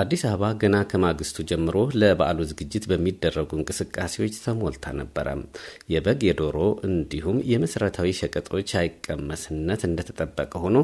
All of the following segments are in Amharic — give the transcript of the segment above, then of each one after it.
አዲስ አበባ ገና ከማግስቱ ጀምሮ ለበዓሉ ዝግጅት በሚደረጉ እንቅስቃሴዎች ተሞልታ ነበረ። የበግ የዶሮ፣ እንዲሁም የመሰረታዊ ሸቀጦች አይቀመስነት እንደተጠበቀ ሆኖ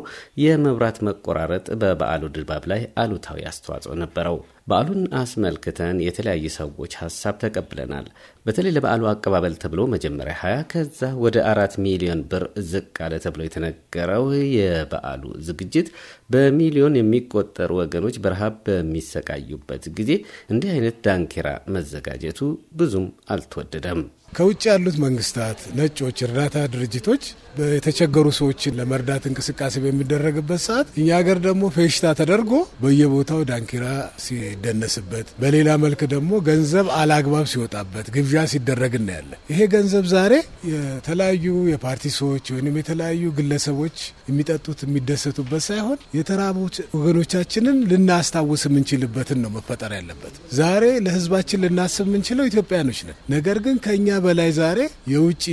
የመብራት መቆራረጥ በበዓሉ ድባብ ላይ አሉታዊ አስተዋጽኦ ነበረው። በዓሉን አስመልክተን የተለያዩ ሰዎች ሀሳብ ተቀብለናል። በተለይ ለበዓሉ አቀባበል ተብሎ መጀመሪያ 20 ከዛ ወደ አራት ሚሊዮን ብር ዝቅ አለ ተብሎ የተነገረው የበዓሉ ዝግጅት በሚሊዮን የሚቆጠሩ ወገኖች በረሃብ በሚሰቃዩበት ጊዜ እንዲህ አይነት ዳንኪራ መዘጋጀቱ ብዙም አልተወደደም። ከውጭ ያሉት መንግስታት፣ ነጮች፣ እርዳታ ድርጅቶች የተቸገሩ ሰዎችን ለመርዳት እንቅስቃሴ በሚደረግበት ሰዓት እኛ ሀገር ደግሞ ፌሽታ ተደርጎ በየቦታው ዳንኪራ ሲደነስበት፣ በሌላ መልክ ደግሞ ገንዘብ አላግባብ ሲወጣበት፣ ግብዣ ሲደረግ እናያለን። ይሄ ገንዘብ ዛሬ የተለያዩ የፓርቲ ሰዎች ወይም የተለያዩ ግለሰቦች የሚጠጡት የሚደሰቱበት ሳይሆን የተራቡ ወገኖቻችንን ልናስታውስ የምንችልበትን ነው መፈጠር ያለበት። ዛሬ ለህዝባችን ልናስብ የምንችለው ኢትዮጵያኖች ነን። ነገር ግን ከእኛ በላይ ዛሬ የውጭ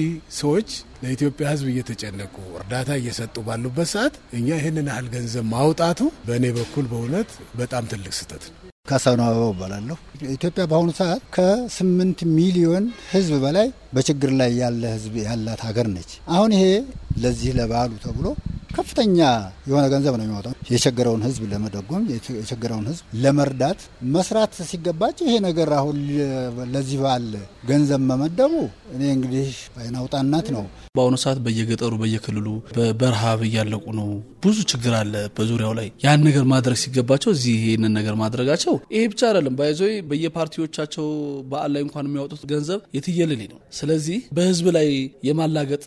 ሰዎች ለኢትዮጵያ ሕዝብ እየተጨነቁ እርዳታ እየሰጡ ባሉበት ሰዓት እኛ ይህንን ያህል ገንዘብ ማውጣቱ በእኔ በኩል በእውነት በጣም ትልቅ ስህተት ነው። ካሳሁን አበባው እባላለሁ። ኢትዮጵያ በአሁኑ ሰዓት ከስምንት ሚሊዮን ሕዝብ በላይ በችግር ላይ ያለ ሕዝብ ያላት ሀገር ነች። አሁን ይሄ ለዚህ ለበዓሉ ተብሎ ከፍተኛ የሆነ ገንዘብ ነው የሚወጣው። የቸገረውን ህዝብ ለመደጎም የቸገረውን ህዝብ ለመርዳት መስራት ሲገባቸው ይሄ ነገር አሁን ለዚህ በዓል ገንዘብ መመደቡ እኔ እንግዲህ አይናውጣናት ነው። በአሁኑ ሰዓት በየገጠሩ በየክልሉ በረሃብ እያለቁ ነው። ብዙ ችግር አለ በዙሪያው ላይ ያን ነገር ማድረግ ሲገባቸው እዚህ ይህንን ነገር ማድረጋቸው ይሄ ብቻ አይደለም። ባይዞ በየፓርቲዎቻቸው በዓል ላይ እንኳን የሚያወጡት ገንዘብ የትየለሌ ነው። ስለዚህ በህዝብ ላይ የማላገጥ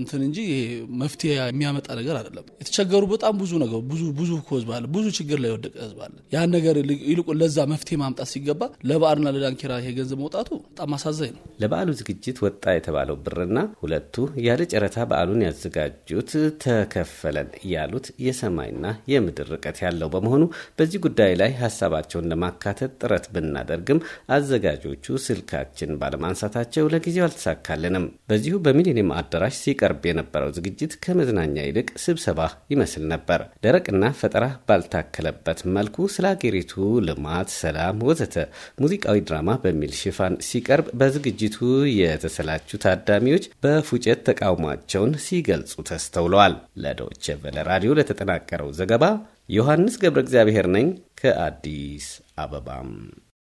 እንትን እንጂ ይሄ መፍትሄ የሚያመጣ ነገር ነገር አይደለም። የተቸገሩ በጣም ብዙ ነገር ብዙ ብዙ ህዝብ አለ፣ ብዙ ችግር ላይ የወደቀ ህዝብ አለ። ያን ነገር ይልቁን ለዛ መፍትሄ ማምጣት ሲገባ ለበዓልና ለዳንኪራ ይሄ ገንዘብ መውጣቱ በጣም አሳዛኝ ነው። ለበዓሉ ዝግጅት ወጣ የተባለው ብርና ሁለቱ ያለ ጨረታ በዓሉን ያዘጋጁት ተከፈለን ያሉት የሰማይና የምድር ርቀት ያለው በመሆኑ በዚህ ጉዳይ ላይ ሀሳባቸውን ለማካተት ጥረት ብናደርግም አዘጋጆቹ ስልካችን ባለማንሳታቸው ለጊዜው አልተሳካልንም። በዚሁ በሚሊኒየም አዳራሽ ሲቀርብ የነበረው ዝግጅት ከመዝናኛ ይልቅ ስብሰባ ይመስል ነበር። ደረቅና ፈጠራ ባልታከለበት መልኩ ስለ አገሪቱ ልማት፣ ሰላም፣ ወዘተ ሙዚቃዊ ድራማ በሚል ሽፋን ሲቀርብ በዝግጅቱ የተሰላቹ ታዳሚዎች በፉጨት ተቃውሟቸውን ሲገልጹ ተስተውለዋል። ለዶይቼ ቬለ ራዲዮ ለተጠናቀረው ዘገባ ዮሐንስ ገብረ እግዚአብሔር ነኝ ከአዲስ አበባም